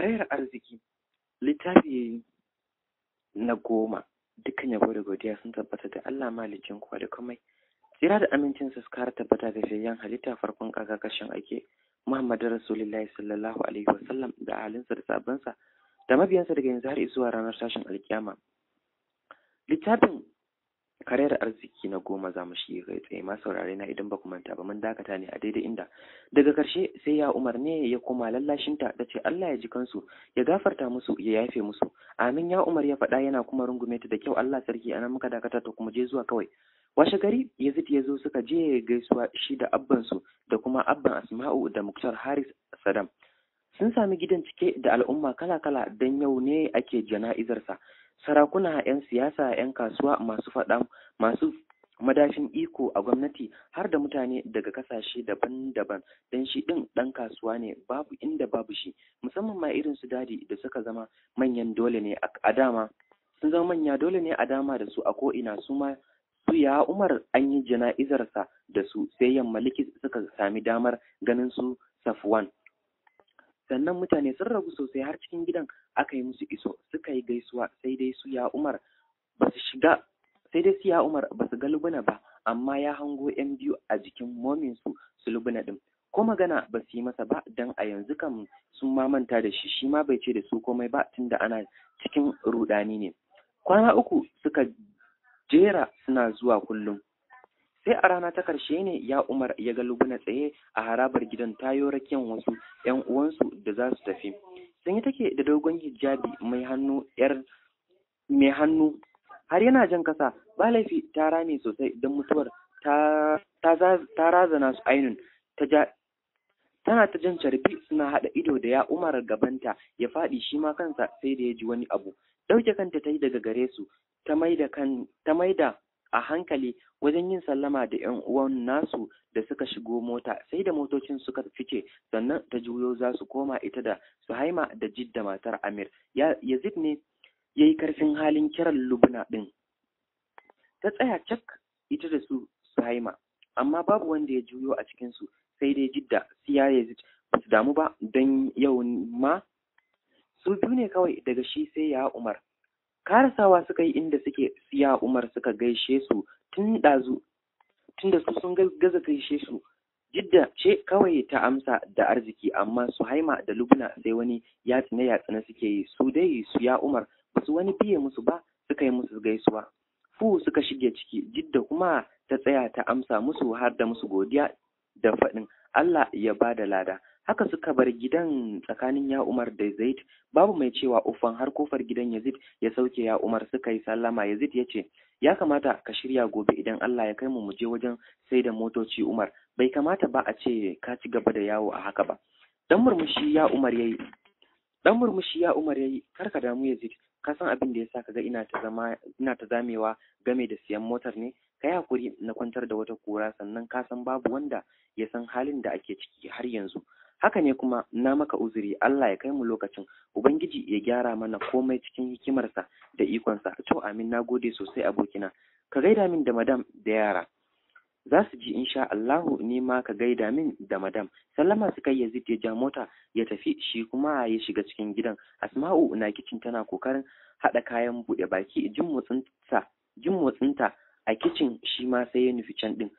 Karayar arziki littafi na goma dukkan yabo da godiya sun tabbata da Allah malikin kuwa da komai tsira da amincin su kara tabbata da shayyan halitta farkon kakakashin ake Muhammadu Rasulullahi sallallahu alaihi wasallam da ahalinsa da sabansa da mabiyansa daga yanzu har zuwa ranar sashen alkiyama littafin karyar arziki na goma za mu shi kai tsaye ma saurare na idan ba ku manta ba mun dakata ne a daidai inda daga karshe sai ya umar ne ya koma lallashinta da ce Allah ya ji kansu ya gafarta musu ya yafe musu amin ya umar ya faɗa yana kuma rungume ta da kyau Allah sarki anan muka dakata ta kuma je zuwa kawai washe gari yazid ya zo suka je gaisuwa shi da abban su da kuma abban asma'u da muktar haris sadam sun sami gidan cike da al'umma kala-kala don yau ne ake jana'izarsa sarakuna 'yan siyasa 'yan kasuwa masu faɗa masu madashin iko a gwamnati har da mutane daga kasashe daban-daban don shi ɗin ɗan kasuwa ne babu inda babu shi musamman ma irin su dadi da suka zama manyan dole ne a dama sun zama manya dole ne a dama da su a ko'ina su ma su ya umar an yi jana'izarsa da su sai yamma maliki suka sami damar ganin su safwan sannan mutane sun ragu sosai har cikin gidan aka yi musu iso suka yi gaisuwa sai dai su ya umar ba su shiga sai dai su ya umar ba su ga lubuna ba amma ya hango yan biyu a jikin momin su su lubuna din ko magana ba su yi masa ba dan a yanzu kam sun ma manta da shi shi ma bai ce da su komai ba tunda ana cikin rudani ne kwana uku suka jera suna zuwa kullum sai a rana ta karshe ne ya umar ya ga lubuna tsaye a harabar gidan tayo rakiyan wasu yan uwansu da za su tafi sanyi take da dogon hijabi mai hannu yar mai hannu har yana jan kasa ba laifi ta rame sosai don mutuwar ta razana su ainun ta ja tana ta jan carbi suna haɗa ido da ya umar gabanta ya faɗi shi ma kansa sai da ya ji wani abu ɗauke kanta ta yi daga gare su ta maida a hankali wajen yin sallama da yan uwan nasu da suka shigo mota sai da motocin suka fice sannan ta juyo za su koma ita da suhaima da jidda matar amir yazid ne ya yi karfin halin kiran lubna ɗin ta tsaya cak ita da su suhaima amma babu wanda ya juyo a cikinsu sai dai jidda siya yazid ba su damu ba don yau ma su biyu ne kawai daga shi sai ya umar karasawa suka yi inda suke siya umar suka gaishe su tun ɗazu da su sun gaza gaishe su jidda ce kawai ta amsa da arziki amma su haima da lubna sai wani ya tsine suke yi su dai su ya umar ba su wani biye musu ba suka yi musu gaisuwa fu suka shige ciki jidda kuma ta tsaya ta amsa musu har da musu godiya da faɗin allah ya ba da lada haka suka bar gidan tsakanin ya umar da zaid babu mai cewa ufan har kofar gidan yazid ya sauke ya umar suka yi sallama yazid ya ce ya kamata ka shirya gobe idan allah ya kai mu muje wajen sai da motoci umar bai kamata ba a ce ka ci gaba da yawo a haka ba dan murmushi ya umar yayi ya umar kar ka damu yazid ka san abin da yasa sa ina ta ina ta zamewa game da siyan motar ne ka yi hakuri na kwantar da wata kura sannan ka san babu wanda ya san halin da ake ciki har yanzu haka ne kuma na maka uzuri Allah ya kai mu lokacin ubangiji ya gyara mana komai cikin hikimarsa da ikonsa to amin na gode sosai abokina ka gaida min da madam da yara za su ji insha Allahu ni ma ka gaida min da madam sallama su kai Yazid ya ja mota ya tafi shi kuma ya shiga cikin gidan Asma'u na kicin tana kokarin hada kayan bude baki jin motsinta jin motsinta a kicin shi ma sai ya nufi can din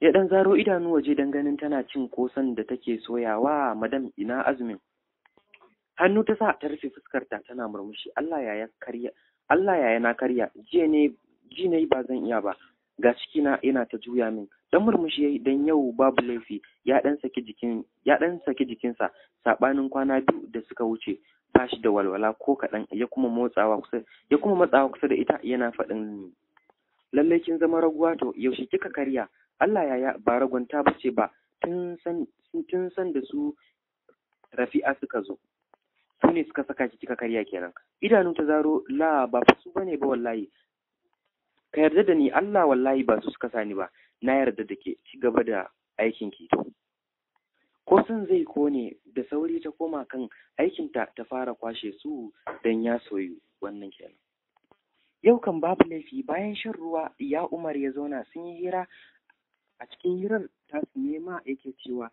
ya dan zaro idanu waje dan ganin tana cin kosan da take soyawa madam ina azumin hannu ta sa ta rufe fuskarta tana murmushi Allah ya karya Allah ya na karya jiya ne ji ne ba zan iya ba ga ciki na yana ta juya min dan murmushi yayi dan yau babu laifi ya dan saki jikin ya dan saki jikinsa sabanin kwana biyu da suka wuce ba da walwala ko kaɗan ya kuma motsawa kusa ya kuma matsawa kusa da ita yana faɗin Lallai kin zama raguwa to yaushe kika karya Allah yaya ba ragwanta ba ce ba tun san da su rafi'a suka zo su ne suka saka shi kika karya kenan idanu ta zaro la ba fa su bane ba wallahi ka yarda da ni Allah wallahi ba su suka sani ba na yarda da ke ci gaba da aikin ki ko sun zai kone da sauri ta koma kan aikinta ta fara kwashe su dan ya soyu wannan kenan yau kan babu laifi bayan shan ruwa ya umar ya zauna sun yi hira a cikin hirar tasu nema yake cewa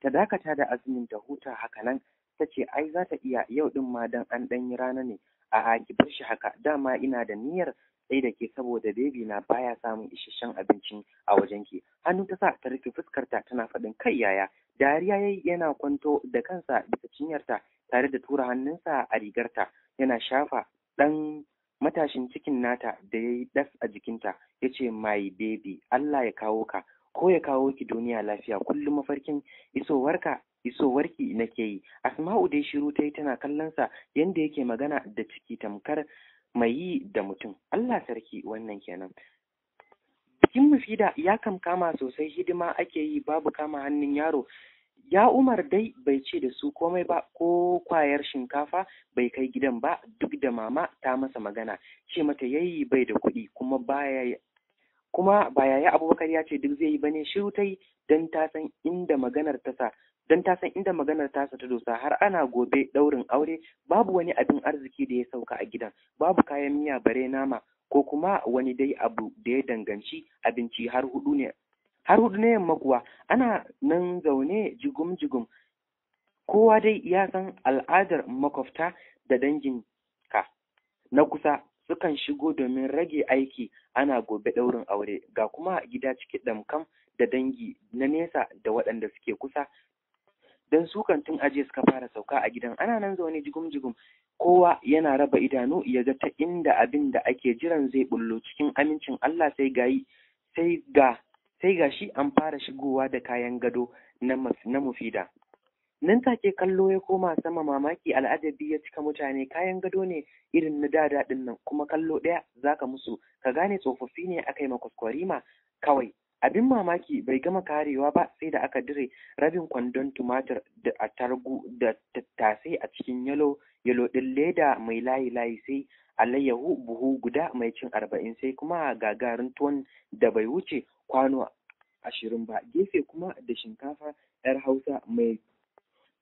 ta dakata da azumin ta huta haka nan ta ce ai za ta iya yau din ma dan an dan yi rana ne a a ki bar shi haka dama ina da niyyar sai da ke saboda bebi na baya samun isasshen abincin a wajen ki hannu ta sa ta rufe fuskarta tana faɗin kai yaya dariya yayi yana kwanto da kansa bisa cinyarta tare da tura hannunsa a rigarta yana shafa ɗan matashin cikin nata da ya yi ɗas a jikinta ya ce my baby Allah ya kawo ka ko ya kawo ki duniya lafiya kullum mafarkin isowarka isowarki nake yi asma'u dai shiru ta yi tana kallon sa yanda yake magana da ciki tamkar mai yi da mutum Allah sarki wannan kenan bikin mufida ya kam kama sosai hidima ake yi babu kama hannun yaro ya umar dai bai ce da su komai ba ko kwayar shinkafa bai kai gidan ba duk da mama ta masa magana ce mata yayi bai da kuɗi kuma baya kuma ba yayi abubakar ya ce duk zai yi bane shiru ta yi don ta san inda maganar ta sa don ta tasa ta dosa har ana gobe ɗaurin aure babu wani abin arziki da ya sauka a gidan babu kayan miya bare nama ko kuma wani dai abu da ya danganci abinci har hudu ne har hudu ne yamma kuwa ana nan zaune jigum jigum kowa dai ya san al'adar makwabta da dangin ka na kusa sukan shigo domin rage aiki ana gobe ɗaurin aure ga kuma gida ciki damkam da dangi na nesa da waɗanda suke kusa don su tun aje suka fara sauka a gidan ana nan zaune jigum jigum kowa yana raba idanu ya ga ta inda abin da ake jiran zai bullo cikin amincin Allah sai gayi sai ga sai ga shi an fara shigowa da kayan gado na mufida nan take kallo ya koma sama mamaki al'adabi ya cika mutane kayan gado ne irin na dada din nan kuma kallo ɗaya zaka musu ka gane tsofaffi ne aka yi makuskwarima kawai abin mamaki bai gama karewa ba sai da aka dire rabin kwandon tumatir da targu da tattasai a cikin yalo yalo ɗin leda mai layi layi sai alayyahu buhu guda mai cin arba'in sai kuma gagarin tuwon da bai wuce kwano ashirin ba gefe kuma da shinkafa yar hausa mai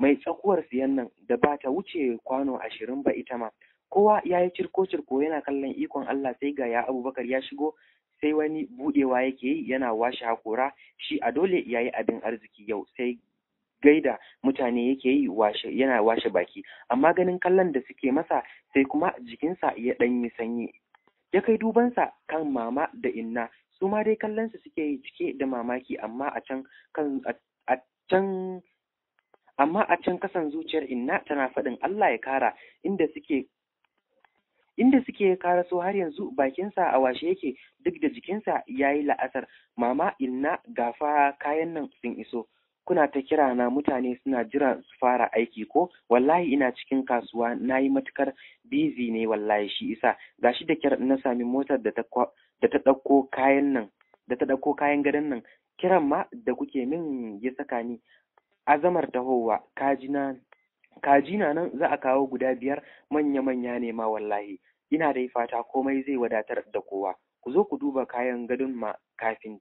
mai tsakuwar siyan nan da ba ta wuce kwano ashirin ba ita ma kowa ya yi cirko-cirko yana kallon ikon Allah sai ga ya abubakar ya shigo sai wani budewa yake yi yana washe hakora shi a dole ya yi abin arziki yau sai gaida mutane yake yi washe yana washe baki amma ganin kallon da suke masa sai kuma jikinsa ya ɗan yi sanyi ya kai dubansa kan mama da inna su ma dai kallonsa suke yi cike da mamaki amma a can kan a can amma a can kasan zuciyar inna tana faɗin Allah ya kara inda suke inda suke kara so har yanzu bakinsa a washe yake duk da jikinsa ya yi la'asar mama inna gafa kayan nan sun iso kuna ta kira na mutane suna jira su fara aiki ko wallahi ina cikin kasuwa na yi matukar bizi ne wallahi shi isa gashi da kyar na sami motar da ta ɗauko kayan nan da ta ɗauko kayan gadon nan kiran ma da kuke min ya saka ni azamar tahowa kaji na kaji na nan za a kawo guda biyar manya-manya ne ma wallahi ina dai fata komai zai wadatar da kowa ku zo ku duba kayan gadon ma kafin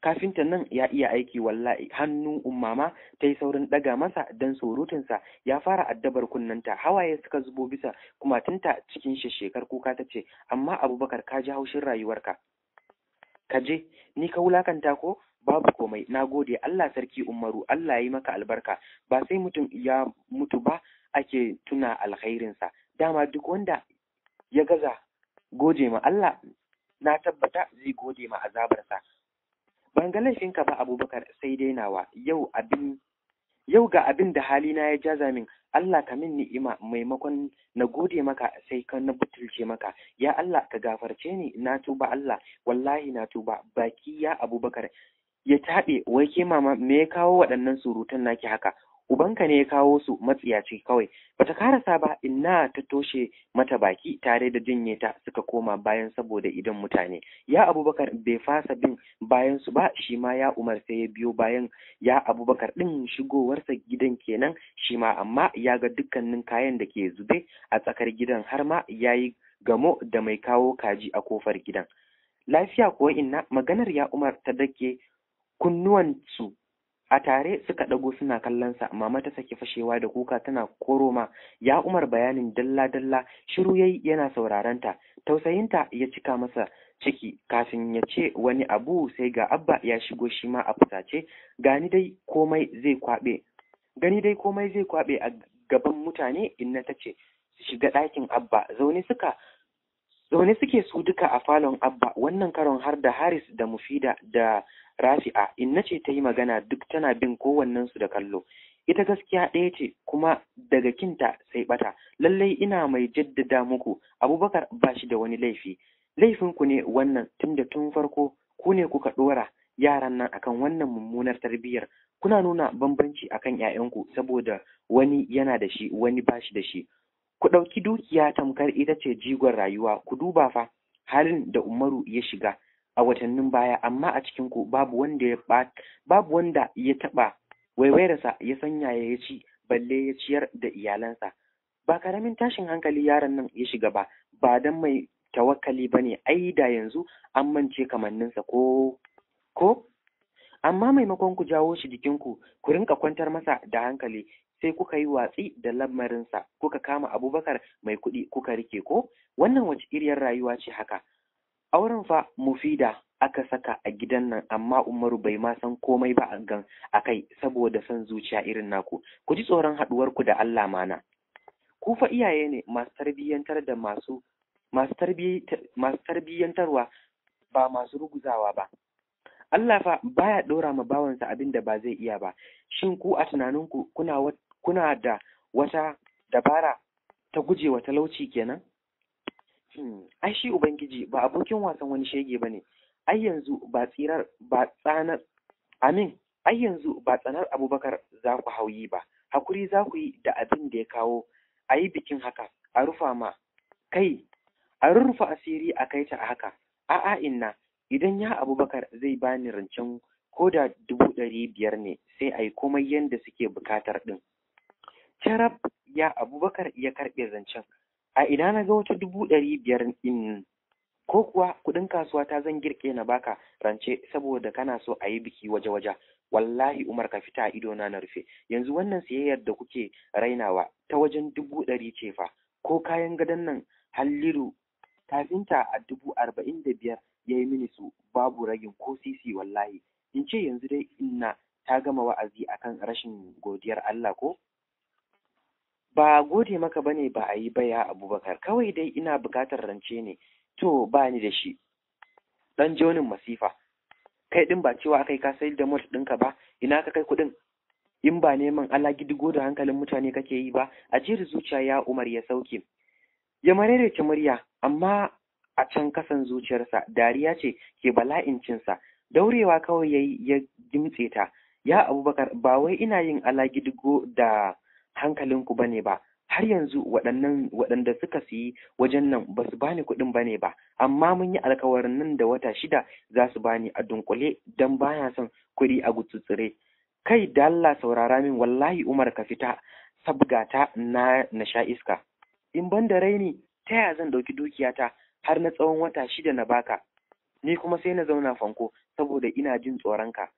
kafinta nan ya iya aiki wallahi hannu ummama ta yi saurin daga masa don surutunsa ya fara addabar ta, hawaye suka zubo bisa kumatunta cikin shekar kuka ta ce amma abubakar ka ji haushin rayuwarka ka je ni ka wulakanta ko babu komai na gode Allah sarki umaru Allah ya yi maka albarka ba sai mutum ya mutu ba ake tuna alkhairinsa dama duk wanda ya gaza gode ma Allah na tabbata zai gode ma azabarsa ban ga laifinka ba abubakar sai dai nawa yau abin yau ga abin da halina ya jaza min Allah ka min ni'ima maimakon na gode maka sai ka na butulce maka ya Allah ka gafarce ni na tuba Allah wallahi na tuba baki ya Abubakar ya taɓe wai ke mama me ya kawo waɗannan surutan naki haka ubanka ne ya kawo su matsiya matsiyaci kawai bata karasa ba inna ta toshe mata baki tare da jinye ta suka koma bayan saboda idan mutane ya abubakar bai fasa bin bayan su ba shi ma ya umar sai ya biyo bayan ya abubakar din shigowarsa gidan kenan shi ma amma ya ga dukkanin kayan da ke zube a tsakar gidan har ma ya yi gamo da mai kawo kaji a kofar gidan lafiya ko inna maganar ya umar ta dake kunnuwansu a tare suka ɗago suna kallonsa mama ta saki fashewa da kuka tana koroma ya umar bayanin dalla-dalla shiru yayi yana ta. tausayinta ya cika masa ciki kafin ya ce wani abu sai ga abba ya shigo shi ma a fusace gani dai komai zai kwaɓe gani dai komai zai kwaɓe a gaban mutane inna ta ce su shiga ɗakin abba zaune suka zaune suke su duka a falon abba wannan karon har da haris da mufida da rafi'a inna ce ta yi magana duk tana bin kowannen su da kallo ita gaskiya ɗaya ce kuma daga kinta sai bata lallai ina mai jaddada muku abubakar ba shi da wani laifi laifinku ne wannan tun da tun farko ku ne kuka ɗora yaran nan akan wannan mummunar tarbiyyar kuna nuna bambanci akan 'ya'yanku saboda wani yana da shi wani ba shi da shi ku ɗauki dukiya tamkar ita ce jigon rayuwa ku duba fa halin da umaru ya shiga a watannin baya amma a cikin ku babu wanda ya babu wanda ya taɓa waiwairarsa ya sanya ya ci balle ya ciyar da iyalansa ba karamin tashin hankali yaron nan ya shiga ba ba dan mai tawakkali bane ai da yanzu an mance kamanninsa ko ko amma maimakon ku jawo shi jikinku ku rinka kwantar masa da hankali sai kuka yi watsi da lamarinsa kuka kama abubakar mai kuɗi kuka rike ko wannan wace iriyar rayuwa ce haka auren fa mufida aka saka a gidan nan amma umaru bai ma san komai ba gan a kai saboda san zuciya irin naku ku ji tsoron ku da allah mana ku fa iyaye ne masu tarbiyyantar da masu masu tarbiyyantarwa ba masu ruguzawa ba Allah fa baya ɗora ma bawansa abin da ba zai iya ba. Shin ku a tunaninku kuna kuna da wata dabara ta gujewa talauci kenan hmm, ai shi ubangiji ba abokin wasan wani shege ba ne. amin ai yanzu ba tsanar abubakar za ku hauyi ba hakuri za ku yi da abin da ya kawo a yi bikin haka a rufa ma kai a rufa asiri a kai ta haka a'a inna idan ya abubakar zai bani rancen ko da dubu ɗari biyar ne sai a yi komai yadda suke bukatar ɗin carab ya abubakar ya karɓe zancen a ina na ga wata dubu ɗari biyar ɗin ko kuwa kuɗin kasuwa ta zan girke na baka rance saboda kana so a yi biki waje-waje wallahi umar ka fita a idona na rufe yanzu wannan siyayyar da kuke rainawa ta wajen dubu ɗari ce fa ko kayan gadon nan halliru kafinta a dubu arba'in da biyar ya yi mini su babu ragin ko sisi wallahi in ce yanzu dai inna ta gama wa'azi akan rashin godiyar Allah ko ba gode maka bane ba a yi baya abubakar kawai dai ina bukatar rance ne to ba ni da shi dan jonin masifa kai din ba cewa akai ka sayar da mot dinka ba ina ka kai kuɗin in ba neman Allah gidigo da hankalin mutane kake yi ba a jiri zuciya ya umar ya sauke ya marerece murya amma a can kasan zuciyarsa dariya ce ke bala'in cinsa daurewa kawai ya ya gimtse ta ya abubakar ba wai ina yin ala gidigo da hankalinku bane ba har yanzu waɗannan waɗanda suka siyi wajen nan ba su bani kuɗin bane ba amma mun yi alkawarin nan da wata shida za su bani a dunkule don baya son kuɗi a gutsutsure kai da Allah saurara min wallahi Umar ka fita sabgata na na sha iska in ban da raini ta yaya zan ɗauki dukiyata har na tsawon wata shida na baka ni kuma sai na zauna fanko saboda ina jin tsoronka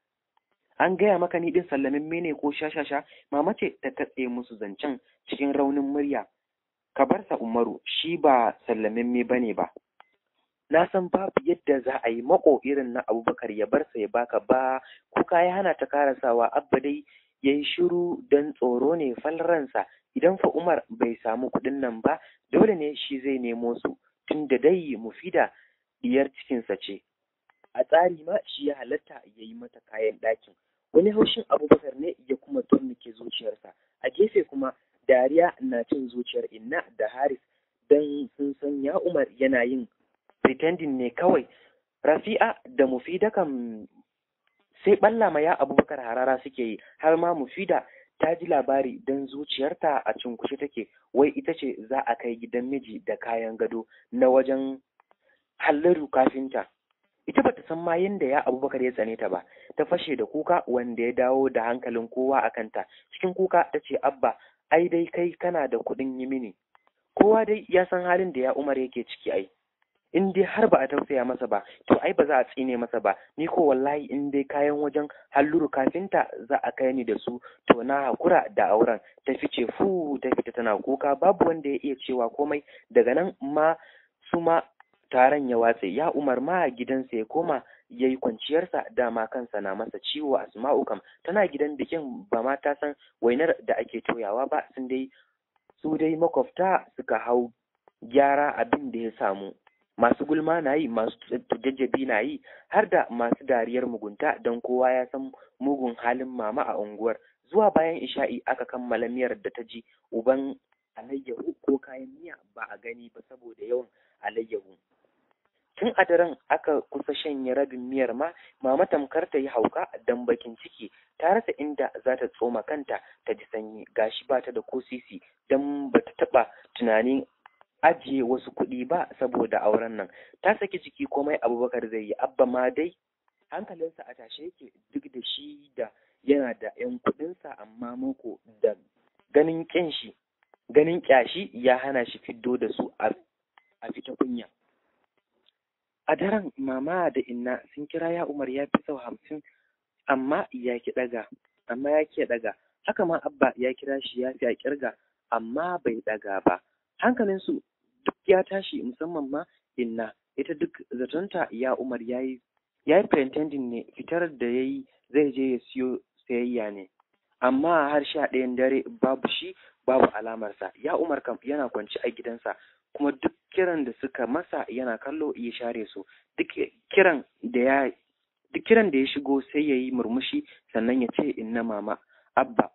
an gaya maka ni din sallamin mene ko shashasha mama ce ta katse musu zancen cikin raunin murya ka bar sa umaru shi ba sallamin me bane ba na san babu yadda za a yi mako irin na abubakar ya bar sa ya baka ba kuka ya hana ta karasawa abba dai ya yi shiru don tsoro ne falransa idan fa umar bai samu kuɗin nan ba dole ne shi zai nemo su tun da dai mufida diyar cikinsa ce a tsari ma shi ya halatta ya yi mata kayan ɗakin wani haushin abubakar ne ya kuma turnike zuciyarsa a gefe kuma dariya na cin zuciyar inna da haris don sun san ya umar yana yin pretending ne kawai rafi'a da mufida kam sai balla ma ya abubakar harara suke yi har ma mufida ta ji labari don zuciyarta a cinkushe take wai ita ce za a kai gidan miji da kayan gado na wajen hallaru kafinta ita bata san ma yanda ya abubakar ya tsane ta ba ta fashe da kuka wanda ya dawo da hankalin kowa a kanta cikin kuka ta ce abba ai dai kai kana da kuɗin yi mini kowa dai ya san halin da ya umar yake ciki ai in dai har ba a tausaya masa ba to ai ba za a tsine masa ba ni ko wallahi in dai kayan wajen halluru kafinta za a kai ni da su to na hakura da auren ta fice fu ta fita tana kuka babu wanda ya iya cewa komai daga nan ma su ma taron ya watse ya umar ma gidansa ya koma ya yi kwanciyarsa dama kansa na masa ciwo asma'u kam tana gidan bikin ba ma ta san wainar da ake toyawa ba sun dai su dai makwabta suka hau gyara abin da ya samu masu gulma na yi masu tujajjabi na yi har da masu dariyar mugunta don kowa ya san mugun halin mama a unguwar zuwa bayan isha'i aka kammala miyar da ta ji uban alayyahu ko kayan miya ba a gani ba saboda yawan alayyahu tun a daren aka kusa shanye rabin miyar ma mama tamkar ta yi hauka dan bakin ciki ta rasa inda za ta tsoma kanta ta ji sanyi gashi ba ta da ko sisi dan ba ta taba tunanin ajiye wasu kuɗi ba saboda auren nan ta saki jiki komai abubakar zai yi abba ma dai hankalinsa a tashe yake duk da shi da yana da yan kuɗinsa amma mako da ganin ƙyashi ya hana shi fiddo da su a fita kunya a daren mama da inna sun kira ya umar ya fi sau hamsin amma ya ki daga amma ya ki daga haka ma abba ya kira shi ya fi a kirga amma bai daga ba su duk ya tashi musamman ma inna ita duk zatonta ya umar ya yi ya yi pretending ne fitar da ya yi zai je ya siyo sayayya ne amma har sha ɗayan dare babu shi babu alamarsa ya umar kam yana kwanci a gidansa kuma duk kiran da suka masa yana kallo ya share su duk kiran da ya shigo sai ya yi murmushi sannan ya ce inna mama abba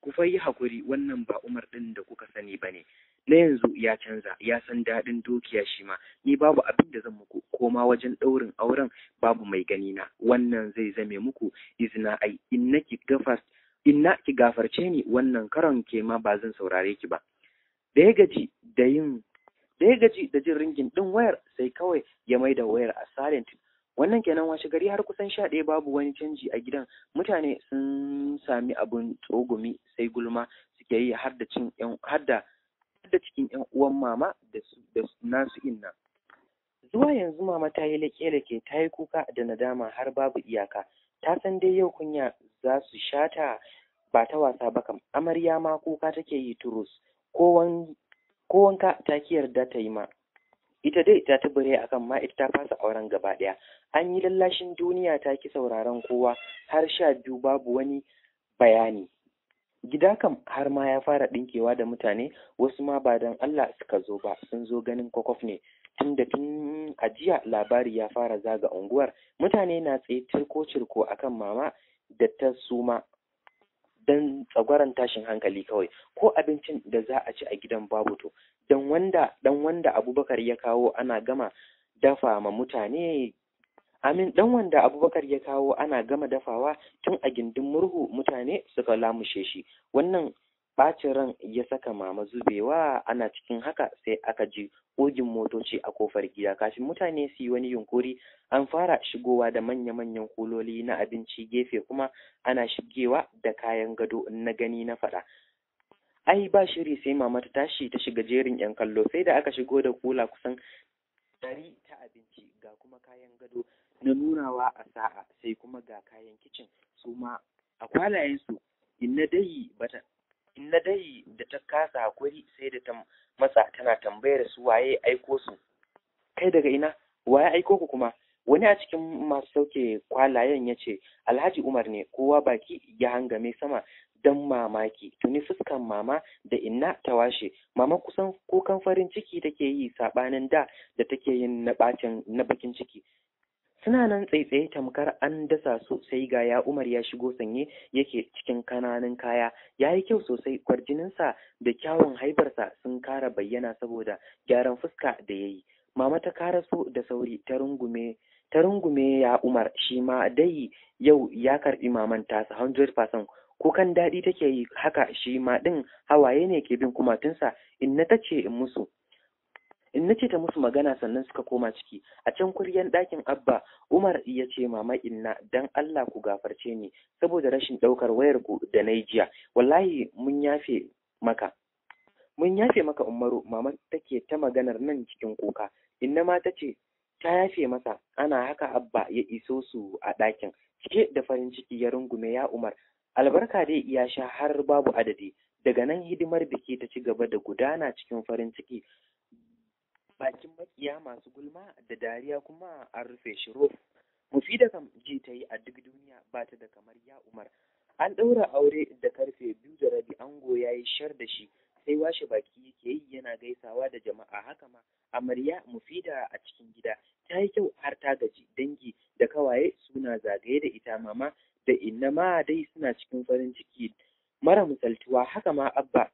ku fa yi hakuri wannan ba umar ɗin da kuka sani ba ne na yanzu ya canza ya san daɗin dukiya shi ma ni babu abin da zan muku koma wajen ɗaurin auren babu mai gani na wannan zai zame muku izina ai in inna ki gafarce ni wannan karon ke ma ba zan saurare ki ba da ya gaji da yin da ya gaji da jin ringin din wayar sai kawai ya mai da wayar a silent wannan kenan washe gari har kusan sha ɗaya babu wani canji a gidan mutane sun sami abin tsogumi sai gulma suke yi har da cin da cikin yan uwan mama da nasu inna zuwa yanzu mama ta yi leke-leke ta yi kuka da nadama har babu iyaka ta san dai yau kunya za su sha ta ba ta wasa ba kam amarya ma kuka take yi turus ko wanka ta ki yarda ta yi ma ita dai ta tubure akan ma ita ta fasa auren gaba ɗaya an yi lallashin duniya ta ki sauraron kowa har sha biyu babu wani bayani gida kam har ma ya fara ɗinkewa da mutane wasu ma ba don Allah suka zo ba sun zo ganin kwakwaf ne tun da tun a jiya labari ya fara zaga unguwar mutane na tsaye cirko cirko akan mama da ta suma don tsagwaran tashin hankali kawai ko abincin da za a ci a gidan babu to dan wanda dan wanda abubakar ya kawo ana gama dafa ma mutane amin dan wanda abubakar ya kawo ana gama dafawa tun a gindin murhu mutane suka lamushe shi wannan bacin ran ya saka mama zubewa ana cikin haka sai aka ji ƙugin motoci a kofar gida kafin mutane su yi wani yunkuri an fara shigowa da manya-manyan kuloli na abinci gefe kuma ana shigewa da kayan gado na gani na faɗa ai ba shiri sai mama ta tashi ta shiga jerin yan kallo sai da aka shigo da kula kusan dari ta abinci ga kuma kayan gado na nunawa a sa'a sai kuma ga kayan kicin su ma a kwalayensu inna dai bata inna dai da ta kasa hakuri sai da ta matsa tana tambayar su waye aiko su kai daga ina waye aiko ku kuma wani a cikin masu sauke kwalayen ya ce alhaji umar ne kowa baki ya hangame sama dan mamaki tuni fuskan mama da inna ta washe mama kusan kukan farin ciki take yi sabanin da da take yin na bakin ciki suna nan tsaitsaye tamkar an dasa su sai ga ya umar ya shigo sanye yake cikin kananan kaya ya yi kyau sosai kwarjininsa da kyawun haibarsa sun kara bayyana saboda gyaran fuska da ya yi mama ta su da sauri ta rungume ta rungume ya umar shi ma dai yau ya karbi maman tasa 100% kukan daɗi take yi haka shi ma ɗin hawaye ne ke bin kumatunsa in na tace in musu in nace ta musu magana sannan suka koma ciki a can kuryan ɗakin abba umar ya ce mama inna dan allah ku gafarce ni saboda rashin ɗaukar wayar ku da na jiya wallahi mun yafe maka mun yafe maka umaru mama take ta maganar nan cikin kuka inna ma ta ce ta yafe masa ana haka abba ya iso su a ɗakin cike da farin ciki ya rungume ya umar albarka dai iya sha har babu adadi daga nan hidimar biki ta ci gaba da gudana cikin farin ciki bakin makiya masu gulma da dariya kuma an rufe shi ruf mufida kam ji ta yi a duk duniya ba ta da kamar ya umar an ɗaura aure da karfe biyu da rabi ango ya yi shar da shi sai washe baki yake yi yana gaisawa da jama'a haka ma amarya mufida a cikin gida ta yi kyau har ta gaji dangi da kawaye suna zagaye da ita mama da inna ma dai suna cikin farin ciki mara misaltuwa haka ma abba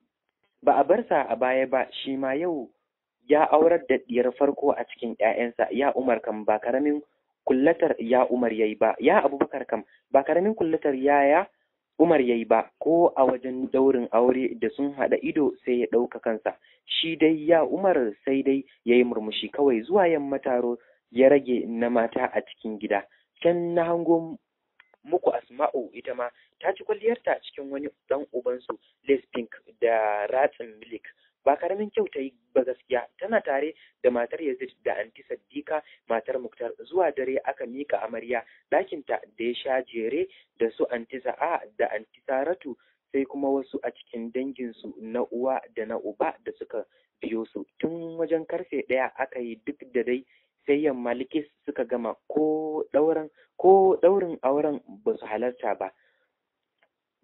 ba a barsa a baya ba shi ma yau ya aurar da diyar farko a cikin ƴaƴansa ya Umar kam ba karamin kullatar ya Umar yayi ba ya Abubakar kam ba karamin kullatar yaya Umar yayi ba ko a wajen daurin aure da sun haɗa ido sai ya ɗauka kansa shi dai ya Umar sai dai yayi murmushi kawai zuwa yamma taro ya rage na mata a cikin gida can na hango muku asma'u ita ma ta ci kwalliyarta cikin wani ɗan ubansu su pink da ratsin milik ba karamin kyau ta yi ba gaskiya tana tare da matar Yazid da anti Saddika matar Muktar zuwa dare aka mika amarya ɗakinta da ya sha jere da su anti Za'a da anti Saratu sai kuma wasu a cikin danginsu na uwa da na uba da suka biyo su tun wajen karfe ɗaya aka yi duk da dai sai yamma likis suka gama ko ɗaurin auren ba su halarta ba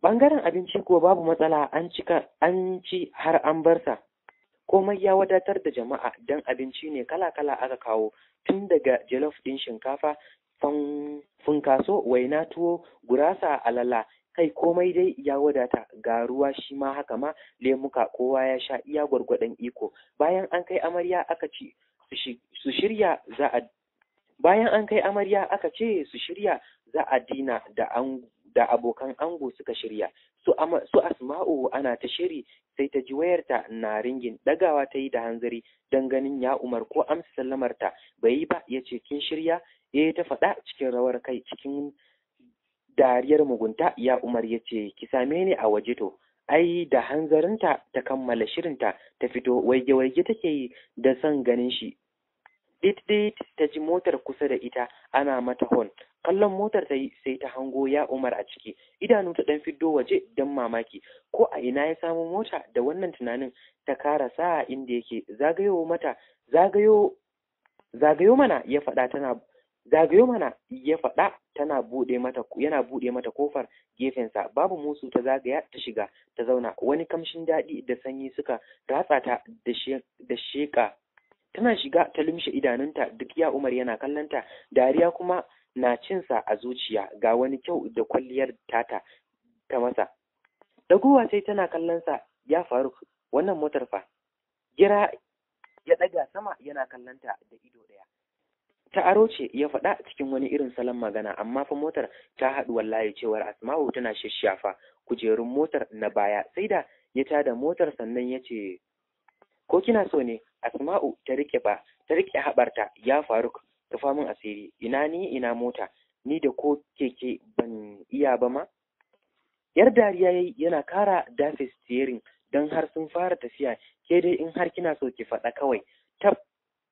Bangaren abinci ko babu matsala an cika an ci har an barsa. Komai ya wadatar da jama'a don abinci ne kala-kala aka kawo tun daga jelof ɗin shinkafa, funkaso, waina tuwo, gurasa, alala, kai komai dai ya wadata ga ruwa shi ma haka ma lemuka kowa ya sha iya gwargwadon iko bayan an kai amarya aka ce su shirya za a bayan an kai amarya aka ce su shirya za a dina da an da abokan ango suka shirya su asma'u ana ta shiri sai ta ji wayarta na ringin dagawa ta yi da hanzari don ganin ya umar ko amsa sallamarta bai yi ba ya ce kin shirya eh ta faɗa cikin rawar kai cikin dariyar mugunta ya umar ya ce ki same ni a waje to ai da hanzarinta ta kammala shirinta ta fito waige-waige take yi da son ganin shi it ta ji motar kusa da ita ana mata hon kallon motar ta yi sai ta hango ya umar a ciki idanu ta ɗan fiddo waje don mamaki ko a ina ya samu mota da wannan tunanin ta kara sa inda yake zagayo mata zagayo mana ya faɗa tana zagayo mana ya faɗa tana buɗe mata yana buɗe mata kofar gefensa babu musu ta zagaya ta shiga ta zauna wani kamshin daɗi da sanyi suka ratsa ta da sheƙa tana shiga ta lumshe idanunta duk ya umar yana kallonta dariya kuma na cinsa a zuciya ga wani kyau da kwalliyar tata ta masa Ɗaguwa sai tana kallonsa ya faru wannan motar fa gira ya ɗaga sama yana kallonta da ido ɗaya ta aro ce ya faɗa cikin wani irin salon magana amma fa motar ta haɗu wallahi cewar asma'u tana shashafa kujerun motar na baya sai da ya tada motar sannan ya ce ko kina so ne asma'u ta rike ba ta rike haɓarta ya faruk ta min asiri ina ni ina mota ni da ko keke ban iya ba ma yar dariya yayi yana kara dafe steering don har sun fara tafiya ke dai in har kina so ki faɗa kawai tab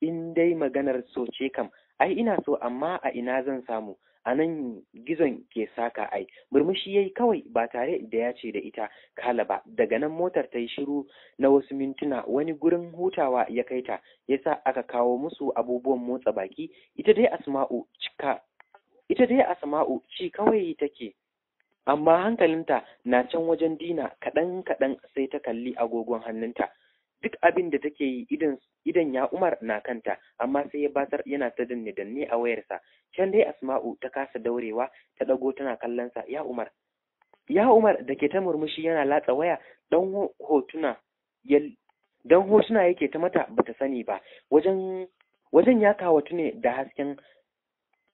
in dai maganar so ce kam ai ina so amma a ina zan samu a nan gizon ke saka ai murmushi yayi kawai ba tare da ya ce da ita kala ba daga nan motar ta yi shiru na wasu mintuna wani gurin hutawa ya kai ta yasa aka kawo musu abubuwan motsa baki ita dai asma'u cika ita dai asma'u ci kawai take amma hankalinta na can wajen dina kaɗan kaɗan sai ta kalli agogon hannunta duk abin da take yi idan idan ya Umar na kanta amma sai ya basar yana ta danne danne a wayarsa can dai Asma'u ta kasa daurewa ta dago tana kallon ya Umar ya Umar da ke ta murmushi yana latsa waya dan hotuna ya dan hotuna yake ta mata bata sani ba wajen wajen ya kawatu ne da hasken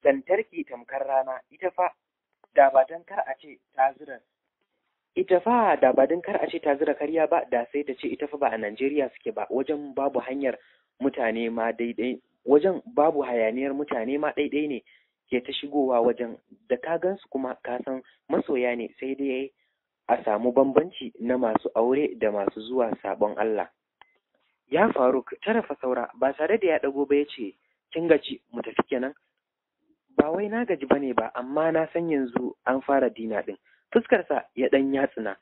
lantarki tamkar rana ita fa da ba a ce ta zira ita fa da ba din kar a ce ta zira karya ba da sai ta ce ita fa ba a Najeriya suke ba wajen babu hanyar mutane ma daidai wajen babu hayaniyar mutane ma daidai ne ke ta shigowa wajen da ka gansu kuma ka san masoya ne sai dai a samu bambanci na masu aure da masu zuwa sabon Allah ya faruk tara saura ba tare da ya dago ba yace kin gaci mu tafi kenan ba wai na gaji bane ba amma na san yanzu an fara dina din fuskarsa ya ɗan yatsuna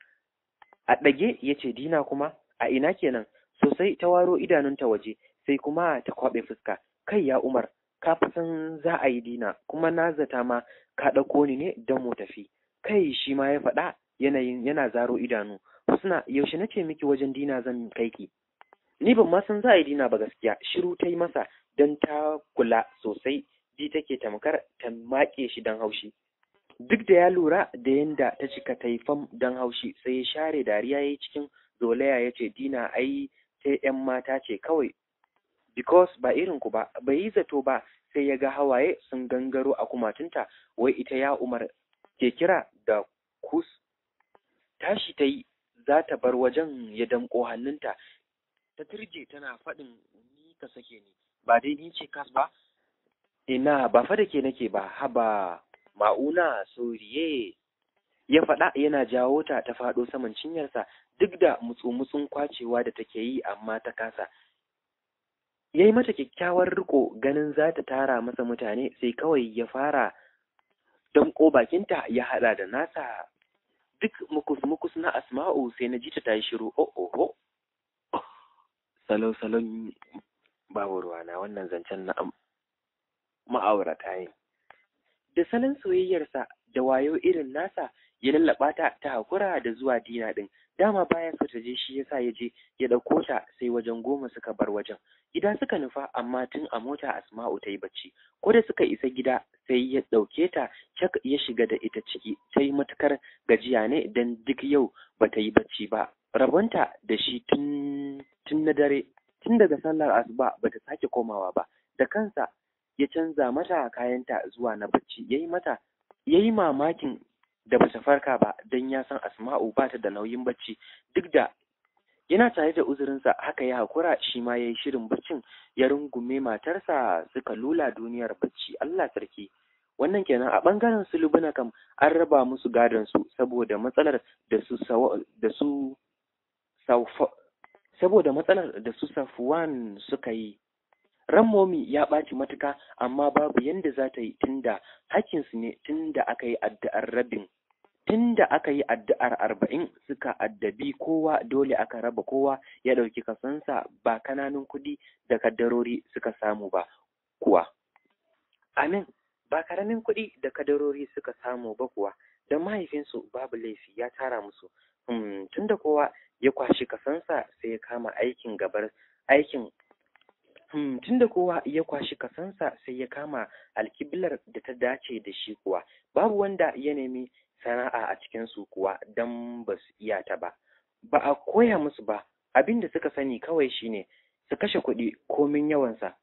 a ɗage ya ce dina kuma a ina kenan sosai ta waro idanunta waje sai kuma ta kwaɓe fuska kai ya umar ka fi san za a yi dina kuma na zata ma ka ɗauko ni ne don mu tafi kai shi ma ya faɗa yanayin yana zaro idanu husna yaushe na ce miki wajen dina zan kai ki ni ban ma san za a yi dina ba gaskiya shiru ta yi masa don ta kula sosai ji take tamkar ta maƙe shi don haushi duk da ya lura da yanda ta cika ta yi fam don haushi sai ya share dariya ya yi cikin zolaya ya ce dina ai sai yan mata ce kawai because ba irin ku ba bai yi zato ba sai ya ga hawaye sun gangaro a kumatunta wai ita ya umar ke kira da kus tashi ta yi za ta bar wajen ya damƙo hannunta ta turje tana faɗin ni ka sake ni ba dai ni ce kas ba ina ba fa da ke nake ba haba ma'una soriye ya faɗa yana jawo ta ta faɗo saman cinyarsa duk da mutsumutsun kwacewa da take yi amma ta kasa ya yi mata kyakkyawar riko ganin za ta tara masa mutane sai kawai ya fara don ko bakinta ya haɗa da nasa duk mukus-mukus na asma'u sai na ji ta ta yi shiru Oh! salon-salon babu ruwana wannan zancen na ma'aurata ne da salon soyayyarsa da wayo irin nasa ya lallaba ta ta hakura da zuwa dina din dama bayan so ta je shi yasa ya je ya dauko ta sai wajen goma suka bar wajen gida suka nufa amma tun a mota Asma'u ta yi bacci ko da suka isa gida sai ya dauke ta ya shiga da ita ciki ta yi matukar gajiya ne dan duk yau bata yi bacci ba rabonta da shi tun na dare tun daga sallar asuba bata sake komawa ba da kansa ya canza mata kayanta zuwa na bacci yayi mata yayi mamakin da bata farka ba dan ya san Asma'u ba ta da nauyin bacci duk da yana tare da uzurinsa haka ya hakura shi ma yayi shirin baccin ya rungume matarsa suka lula duniyar bacci Allah sarki wannan kenan a bangaren su lubuna kam an raba musu gadon su saboda matsalar da su da su saboda matsalar da su Safwan suka yi ran momi ya ɓaci matuka amma babu yanda za ta yi tunda hakinsu ne tunda aka yi addu'ar rabin tunda aka yi addu'ar arba'in suka addabi kowa dole aka raba kowa ya ɗauki kasansa ba kananun kuɗi da kaddarori suka samu ba kuwa amin ba karamin kuɗi da kadarori suka samu ba kuwa don mahaifinsu babu laifi ya tara musu hmm, tunda kowa ya kwashi kasansa sai ya kama aikin gabar aikin Hmm, tunda kowa ya kwashi kasansa sai ya kama alkiblar da ta dace da shi kuwa babu wanda ya nemi sana'a a cikin su kuwa don ba su iya ta ba ba a koya musu ba abin da suka sani kawai shine su kashe kuɗi komin yawansa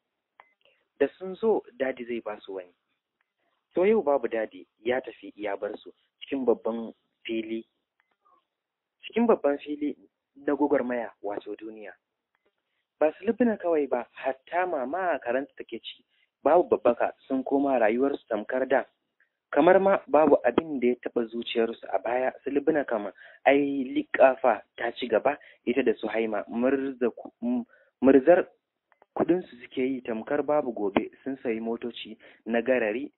da sun zo dadi zai ba su wani to yau babu dadi ya tafi ya bar su cikin babban fili cikin babban fili na gwagwarmaya wato duniya ba su libina kawai ba hatta mama a karanta take ci babu babbaka sun koma rayuwarsu tamkar da kamar ma babu abin da ya taɓa zuciyarsu a baya su libina kama ai likafa ta ci gaba ita da su haima mm, murzar kudinsu suke yi tamkar babu gobe sun sayi motoci na garari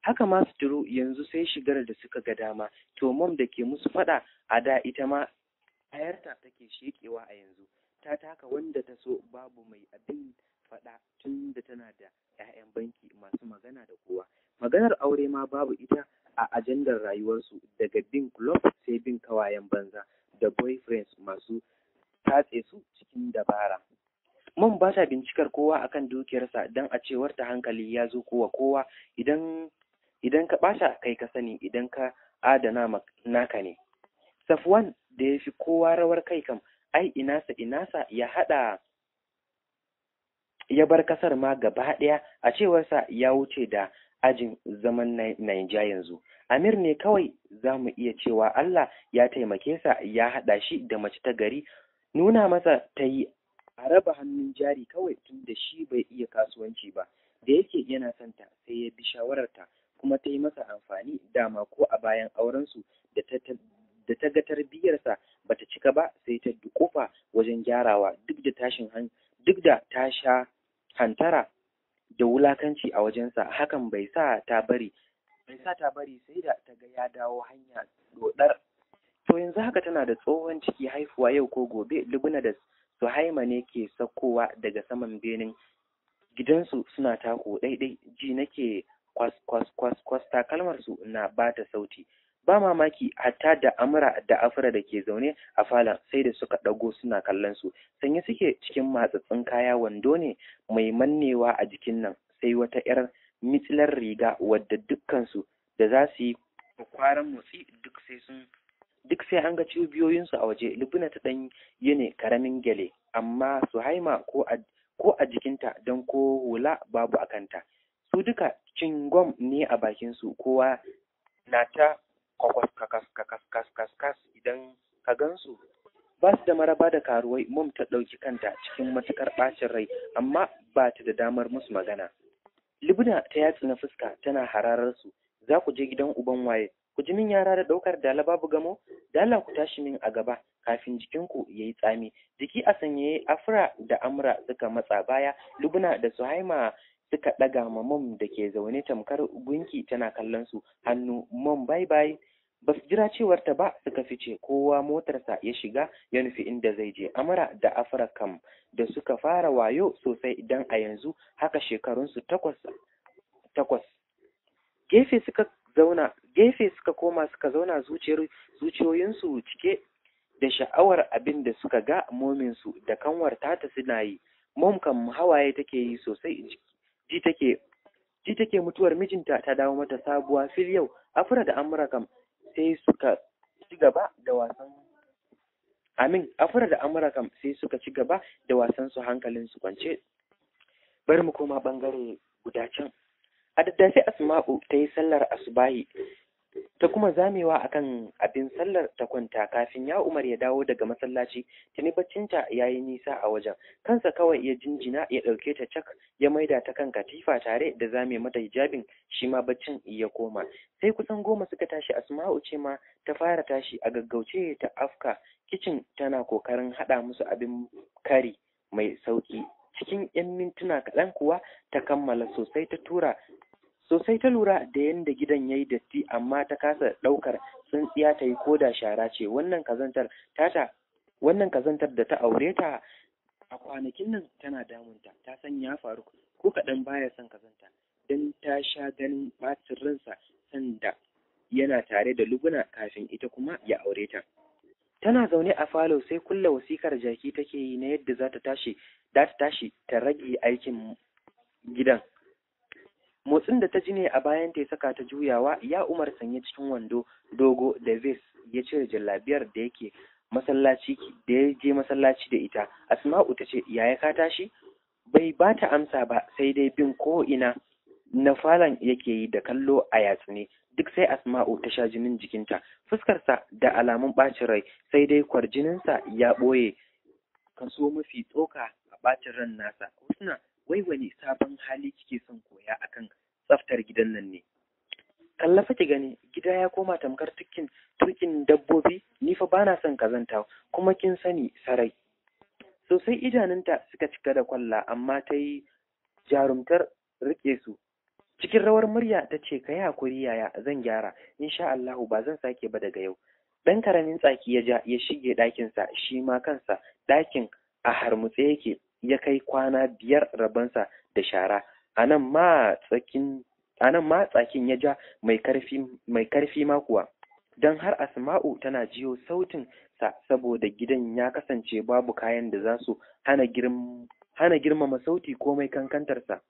haka ma turu yanzu sai shigar da suka ga dama to mom da ke musu fada a da ita ma ayarta take shekewa a yanzu ta taka wanda ta so babu mai abin faɗa tun da tana da 'ya'yan banki masu magana da kowa maganar aure ma babu ita a ajandar rayuwarsu daga bin club sai bin kawayen banza da boyfriends masu tatse su cikin dabara man ba ta bincikar kowa akan dukiyarsa don a cewar ta hankali ya zo kowa kowa idan idan ka ɓata kai ka sani idan ka adana naka ne safwan da ya fi kowa rawar kai kam ai inasa inasa ya hada ya bar kasar ma gaba daya a cewarsa ya wuce da ajin zaman Naija yanzu Amir ne kawai zamu iya cewa Allah ya taimake sa ya hada shi da mace ta gari nuna masa ta yi a raba hannun jari kawai tun da shi bai iya kasuwanci ba da yake yana santa sai ya bi shawararta kuma ta yi masa amfani dama ko a bayan aurensu da ta da ta ga tarbiyyarsa ta cika ba sai ta dukufa wajen gyarawa duk da tashin han duk da ta sha hantara da wulakanci a wajensa hakan bai sa ta bari bai sa ta bari sai da ta ga ya dawo hanya dodar to yanzu haka tana da tsohon ciki haifuwa yau ko gobe lubuna da su haima ne ke saukowa daga saman benin gidansu suna tako daidai ji nake kwas kwas kwas kwas takalmarsu na bata sauti ba mamaki hatta da amura da afra da ke zaune a falon sai da suka ɗago suna kallon su sanye suke cikin matsatsin kaya wando ne mai mannewa a jikin nan sai wata 'yar mitsilar riga wadda dukkansu da za su yi kwaran motsi duk sai sun duk sai an ga cibiyoyinsu a waje lubuna ta ɗan yi ne karamin gyale amma su haima ko a ko a jikinta don ko hula babu a kanta su duka cin cingom ne a bakinsu kowa na ta kwakwas kakas kakas kas kas idan ka gansu ba su da maraba da karuwai mom ta ɗauki kanta cikin matuƙar ɓacin rai amma ba ta da damar musu magana libina ta yatsu na fuska tana hararar su za ku je gidan uban waye ku ji min yara da ɗaukar dala babu gamo dala ku tashi min a gaba kafin jikinku ya yi tsami jiki a sanyaye afra da amra suka matsa baya libina da suhaima suka ɗaga ma mom da ke zaune tamkar gunki tana kallon su hannu mom bye bye ba jira cewar ta ba suka fice kowa motarsa ya shiga ya nufi inda zai je amara da afrakam da suka fara wayo sosai idan a yanzu haka shekarunsu takwas gefe suka zauna gefe suka koma suka zauna zuciyoyinsu cike da sha'awar abin da suka ga mominsu da kanwar tata suna yi mom kam hawaye take yi sosai ji take ji take mutuwar mijinta ta dawo mata sabuwa fil yau afra da amra sai suka ci gaba da wasan amin afira da amurka sai suka ci gaba da wasan su hankalin su kwance bari mu koma bangare guda can a daddafe asma'u ta yi sallar asubahi ta kuma zamewa akan abin sallar ta kwanta kafin ya umar ya dawo daga masallaci tuni baccinta ya yi nisa a wajen kansa kawai ya jinjina ya ɗauke ta cak ya maida ta kan katifa tare da zame mata hijabin shi ma baccin ya koma sai kusan goma suka tashi asma'u ce ma ta fara tashi a gaggauce ta afka kicin tana kokarin haɗa musu abin kari mai sauƙi cikin 'yan mintuna kaɗan kuwa ta kammala sosai ta tura sosai ta lura da yadda gidan ya yi datti amma ta kasa ɗaukar tsintsiya ta yi ko da shara ce wannan kazantar tata wannan kazantar da ta aure ta a kwanakin nan tana damunta ta san ya faru ko kaɗan baya son kazanta don ta sha ganin ɓacin ransa sanda yana tare da luguna kafin ita kuma ya aure ta tana zaune a falo sai kulla wasikar jaki take yi na yadda za ta tashi ta rage aikin gidan motsin da ta ji ne a bayan ta saka ta juyawa ya umar sanye cikin wando dogo da ves ya cire jallabiyar da yake masallaci da ya je masallaci da ita asma'u ta ce yaya ka tashi bai ba ta amsa ba sai dai bin ko ina na falon yake yi da kallo a yatsune duk sai asma'u ta sha jinin jikinta fuskarsa da alamun bacin rai sai dai kwarjininsa ya ɓoye kaso mafi tsoka a ɓacin ran nasa husna wai wani sabon hali kike son koya akan tsaftar gidan nan ne kallafa ki gani gida ya koma tamkar tukin tukin dabbobi ni fa bana son kazanta kuma kin sani sarai sosai idanunta suka cika da kwalla amma ta yi jarumtar rike su cikin rawar murya ta ce ka yi hakuri yaya zan gyara insha Allahu ba zan sake ba daga yau dan karamin tsaki ya ja ya shige ɗakinsa shi ma kansa ɗakin a harmutse yake ya kai kwana biyar rabansa da shara a nan ma tsakin ya ja mai karfi makuwa. don har asma'u tana jiyo sautin sa saboda gidan ya kasance babu kayan da za su hana girmama sauti komai kankantarsa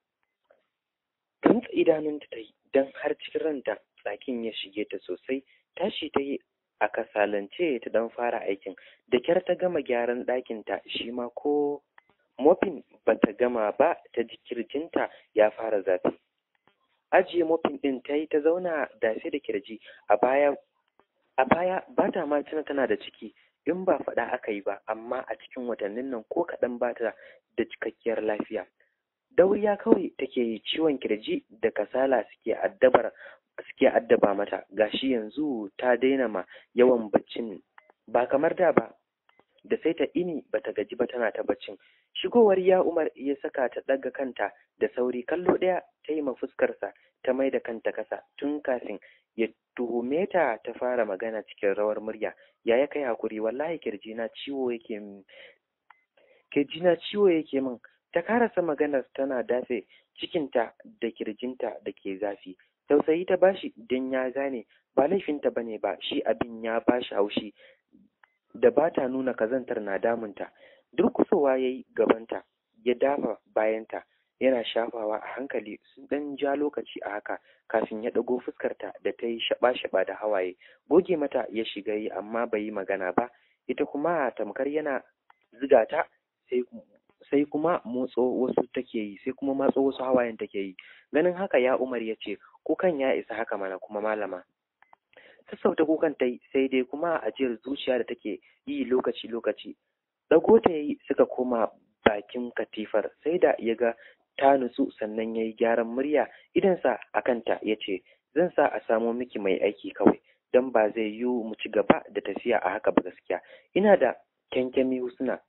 kanta idanunta ta yi don har cikin ranta tsakin ya shige ta sosai tashi ta yi a kasalance ta dan fara aikin da kyar ta gama gyaran ɗakinta shi ma ko mofin bata gama ba ta ji kirjinta ya fara zafi ajiye mopin ɗin ta yi ta zauna dafe da kirji a baya a baya ba ta ma tuna tana da ciki in ba faɗa aka yi ba amma a cikin watannin nan ko kaɗan ba ta da cikakkiyar lafiya dauriya kawai take yi ciwon kirji da kasala suke addabar suke addaba mata gashi yanzu ta daina ma yawan baccin ba kamar da ba da sai ta ini bata gaji ba tana ta baccin shigowar ya umar ya saka ta ɗaga kanta da sauri kallo ɗaya ta yi fuskarsa ta mai da kanta kasa tun kafin ya tuhume ta ta fara magana cikin rawar murya ya ya kai hakuri wallahi kirjina ciwo yake kirjina ciwo yake min ta karasa maganar tana dafe cikinta da kirjinta da ke zafi tausayi ta bashi don ya zane, ba laifinta ne ba shi abin ya bashi haushi da ba ta nuna kazantar na damunta durkusowa ya yi gabanta ya dafa bayanta yana shafawa a hankali sun ɗan ja lokaci a haka kafin ya ɗago fuskarta da ta yi shaɓa-shaɓa da hawaye goge mata ya shiga yi amma bai yi magana ba ita kuma tamkar yana ziga ta sai kuma motso wasu take yi sai kuma matso wasu hawayen take yi ganin haka ya umar ya ce kukan ya isa haka mana kuma malama ta sauta kukan ta yi sai dai kuma a ajiyar zuciya da take yi lokaci-lokaci ɗago ta yi suka koma bakin katifar sai da ya ga ta nutsu sannan ya yi gyaran murya idansa a kanta ya ce zan sa a samo miki mai aiki kawai don ba zai yiwu mu ci gaba da tafiya a haka ba gaskiya ina da kyankyami husna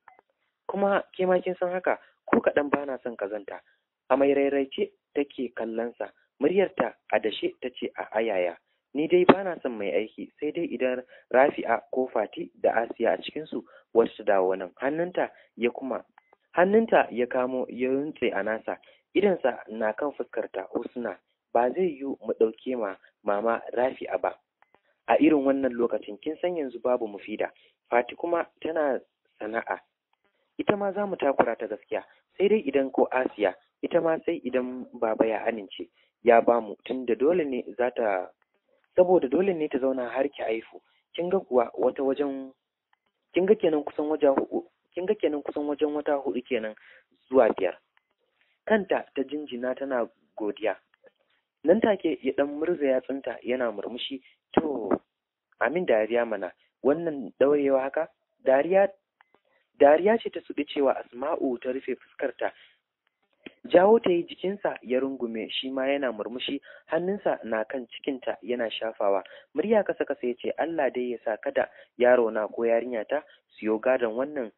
kuma ke ma san haka ko kaɗan ba na son kazanta a mai ce take kallonsa muryarta a dashe ta ce a ayaya ni dai ba na son mai aiki sai dai idan rafi'a ko fati da asiya a cikinsu wata ta dawo nan hannunta ya kuma hannunta ya kamo ya runtse a nasa idansa na kan fuskarta husna ba zai yi mu ɗauke ma mama rafi'a ba a irin wannan lokacin kin san yanzu babu mufida fati kuma tana sana'a ita ma za mu takura ta gaskiya sai dai idan ko asiya ita ma sai idan baba ya amince ya bamu tunda dole ne za ta saboda dole ne ta zauna har ki haifu kin ga kuwa wata wajen kin ga kenan kusan wajen kin ga kenan kusan wajen wata hudu kenan zuwa biyar kanta ta jinjina tana godiya nan take ya dan murza yatsunta yana murmushi to amin dariya mana wannan daurewa haka dariya dariya ce ta suɗi cewa asma'u ta rufe fuskarta jawo ta yi jikinsa ya rungume shi ma yana murmushi hannunsa na kan cikinta yana shafawa murya kasa kasa ya ce allah dai ya sa kada yaro na ko yarinya ta siyo gadon wannan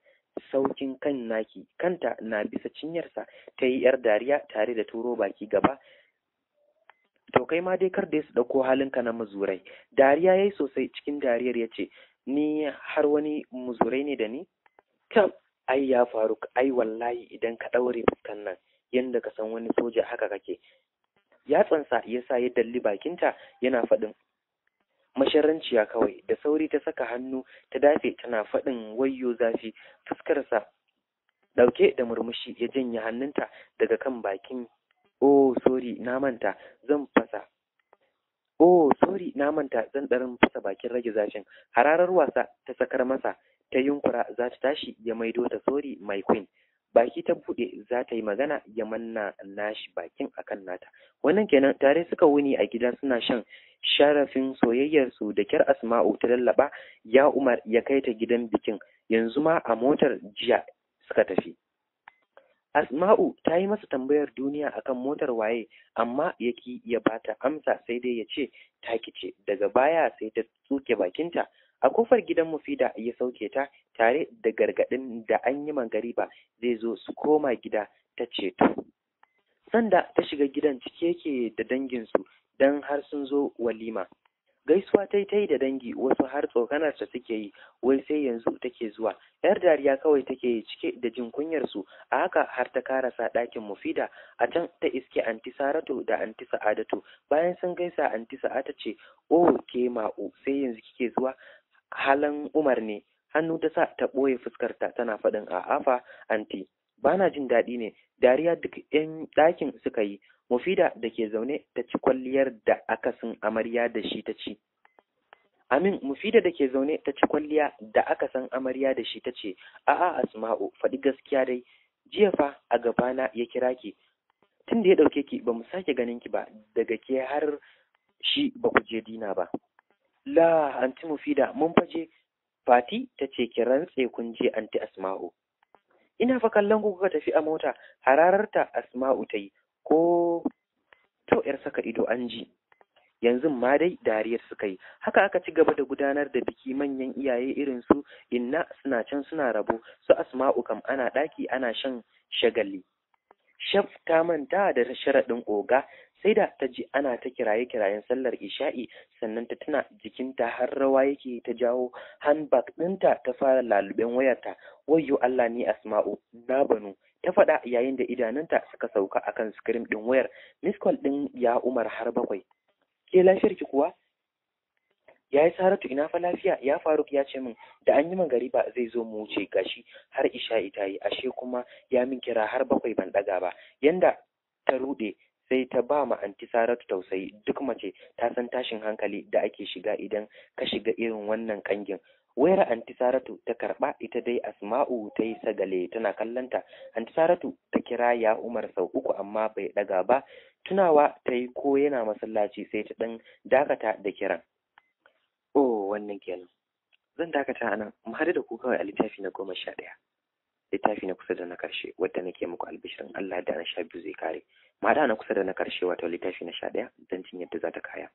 saukin kan naki kanta na bisa cinyarsa ta yi yar dariya tare da turo baki gaba to kai ma dai kar da ya su ɗauko ka na muzurai dariya ya yi sosai cikin dariyar ya ce ni har wani muzurai ne da ni kam ai ya faru ai wallahi idan ka ɗaure fuskan nan yanda ka san wani soja haka kake yatsansa ya sa ya dalli bakinta yana faɗin masharanciya kawai da sauri ta saka hannu ta dafe tana faɗin wayyo zafi fuskarsa ɗauke da murmushi ya janye hannunta daga kan bakin oh sorry na manta zan fasa oh sorry na manta zan ɗarin fasa bakin rage zafin hararar wasa ta sakar masa ta yunkura za ta tashi ya maido ta sori my queen baki ta buɗe za ta yi magana ya manna nashi bakin akan nata wannan kenan tare suka wuni a gida suna shan sharafin soyayyarsu da kyar asma'u ta lallaba ya umar ya kai ta gidan bikin yanzu ma a motar jiya suka tafi asma'u ta yi masa tambayar duniya akan motar waye amma yaki ya bata amsa sai dai ya ce ta kice daga baya sai ta tsuke bakinta a kofar gidan mufida ya sauke ta tare da gargadin da an yi Gariba zai zo su koma gida ta ceto sanda ta shiga gidan cike yake da danginsu don har sun zo walima gaisuwa ta yi da dangi wasu har tsokanar ta suke yi wai sai yanzu take zuwa yar dariya kawai take cike da jin kunyar a haka har ta karasa ɗakin mufida a can ta iske anti saratu da anti sa'adatu bayan sun gaisa anti sa'ata ce 'O oh, ke ma'u sai yanzu kike zuwa Halan Umar ne hannu ta sa ta ɓoye fuskarta tana faɗin a afa anti Ba na jin daɗi ne dariya duk 'yan ɗakin suka yi mufida da ke zaune ta ci kwalliyar da akasin amarya da shi ta ci amin mufida da ke zaune ta ci kwalliya da aka san amarya da shi ta ce a'a asma'u faɗi gaskiya dai jiya fa a gabana ya kira ki tun da ya ɗauke ki ba mu sake ganin ki ba daga ke har shi ba ku je dina ba la anti mufida mun faje fati ta ce ki rantse kun je anti asma'u ina fa kallon ku kuka tafi a mota Harararta asma'u ta ko to yar saka ido an ji yanzu ma dai dariyar suka yi haka aka ci gaba da gudanar da biki manyan iyaye irin su inna suna can suna rabo su asma'u kam ana daki? ana shan shagali shaf ta manta da sharaɗin oga sai da ta ji ana ta kiraye kirayen sallar isha'i sannan ta tuna jikinta har rawa yake ta jawo handbag ɗinta ta fara laluben wayarta wayyo Allah ni asma'u na banu ta faɗa yayin da idanunta suka sauka akan screen ɗin wayar miss call ɗin ya umar har bakwai ke lafiyarki kuwa ya yi saratu ina fa lafiya ya faruk ya ce min da an yi magariba zai zo mu wuce gashi har isha ita yi ashe kuma ya min kira har bakwai ban daga ba yanda ta rude sai ta ba ma anti saratu tausayi duk mace ta san tashin hankali da ake shiga idan ka shiga irin wannan kangin wayar anti saratu ta karɓa ita dai asma'u ta yi sagale tana kallonta anti saratu ta kira ya umar sau uku amma bai daga ba tunawa ta yi ko yana masallaci sai ta ɗan dakata da kiran wannan kenan zan dakata a nan mu haɗu da ku kawai a littafi na goma sha ɗaya littafi na kusa da na ƙarshe wadda nake muku albishirin Allah da na sha biyu zai kare mu haɗu na kusa da na ƙarshe wato littafi na sha ɗaya don cin yadda za ta kaya.